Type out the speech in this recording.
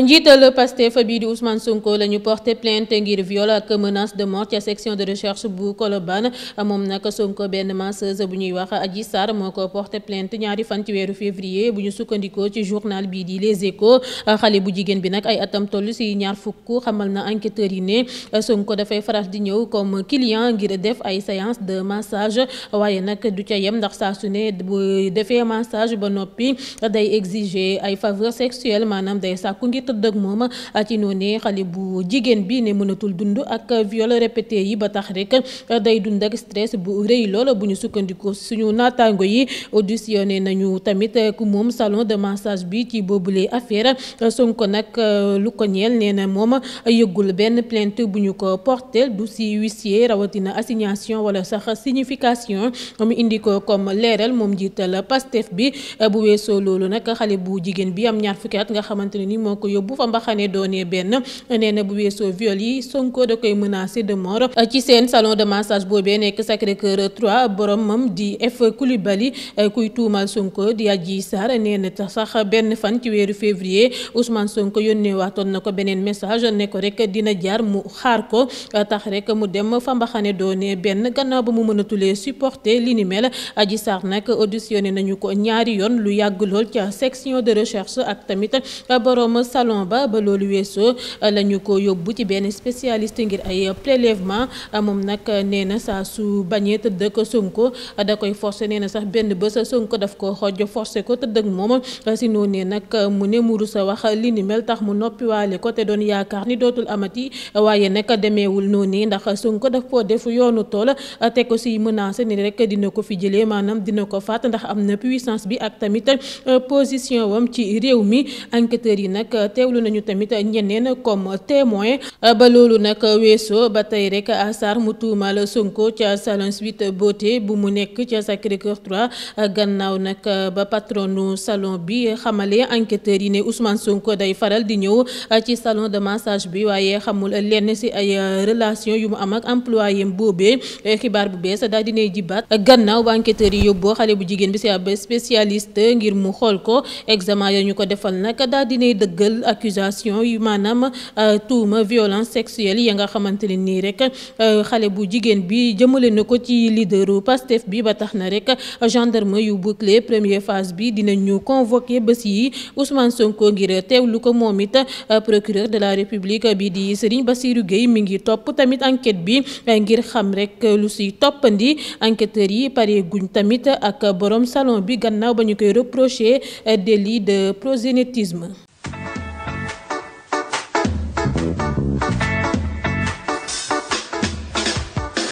njiital Pastef bii di Ousmane Sonko la porté plainte ngir viol ak menace de mort ca section de recherche bu Colobane moom nag Sonko benn masseuse bu ñuy wax Adji Sarr moo ko porté plainte ñaari fan ci weeru février bu ñu sukkandikoo ci journal bii di Les Échos xale bu jigéen bi nag ay atam toll si ñaar fukk xamal na enquêteurs yi ne Sonko dafay faral di ñëw comme client ngir def ay séance de massage waaye nag du ca yem ndax saa su ne bu defee massage ba noppi day exiger ay faveurs sexuelles tëdd ak moom ah, ci noonee xale bu jigéen bi ne mënatul dund ak viol répété yi ba tax rek ah, day dund ak stress bu rëy lool bu ñu sukkandikoo suñu naataango yi auditionné nañu tamit ku moom salon de massage bi ci boobule affaire Sonko nag ah, lu ko ñeel nee na moom yëggul benn plainte bu ñu ko porteel du si huissier rawatina assignation wala sax signification mu indi comme leeral moom jiital Pastef bi bu weesoo loolu nag xale bu jigéen bi am ñaar fukki ko yóbbu fa mbaxane doonee benn nee na bu weesoo viol yi Sonko da koy menacé de mort ci seen salon de massage boobee nekk Sacré-Cœur boroom boromam di F Coulibaly kuy tuumal Sonko di Adji Sarr nee na sax benn fan ci weeru février Ousmane Sonko yónnee waatoon na ko beneen message ne ko rek dina jaar mu xaar ko tax rek mu dem fa mbaxane doonee benn gannaaw ba mu mënatulee supporter li ni mel Adji Sarr nag auditionné nañu ko ñaari yoon lu yàgg lool ca section de recherche ak salon ba ba loolu weesoo euh, la ñu ko yóbbu ci benn spécialiste ngir ay prélèvement euh, moom nag euh, nee na saa su bañee tëdd ko Sonko da koy forcé nee na sax benn bés Sonko daf ko xoj forcé ko tëdd ak moom si noonee nag mu ne mu sa wax li ni mel tax mu noppiwaale ko te doon yaakaar ni dootul amati waaye nag demeewul noonu ndax Sonko daf koo def yoonu tool te ko si menacé ni rek dina ko fi jëlee maanaam dina ko faat ndax am na puissance bi ak tamit position wam ci réew mi enquêteurs yi nag teewlu nañu tamit ñeneen comme témoin euh, ba loolu nag weesoo ba tey rek Sarr mu tuumal Sonko ca salon Sweet Beauté bu mu nekk ca Sacré-Cœur 3 euh, gannaaw nag euh, ba patronu salon bi xamale enquêteurs yi ne Ousmane Sonko day faral di ñëw ci salon de massage bi waaye xamul lenn si ay relation yu mu am ak employé boobee xibaar bu bees daal dinay jibaat gannaaw ba enquêteurs yi yóbboo xale bu jigéen bi si ab spécialiste ngir mu xool ko examen ya ñu jël accusation yu maanaam euh, tuuma violence sexuelle ya nga xamante ne nii rek euh, xale bu jigéen bi jëmale na ko ci leaderu Pastef bi ba tax na rek gendarme yu boucler première phase bi dinañu convoqué bés yi Ousmane Sonko ngir teewlu ko moom it euh, procureur de la République bi di Serigne Bassirou Gueye mi ngi topp tamit enquête bi ngir xam rek lu si toppandi enquêteurs yi pare guñ tamit ak borom salon bi gannaaw ba ñu koy reproché délit de prosénétisme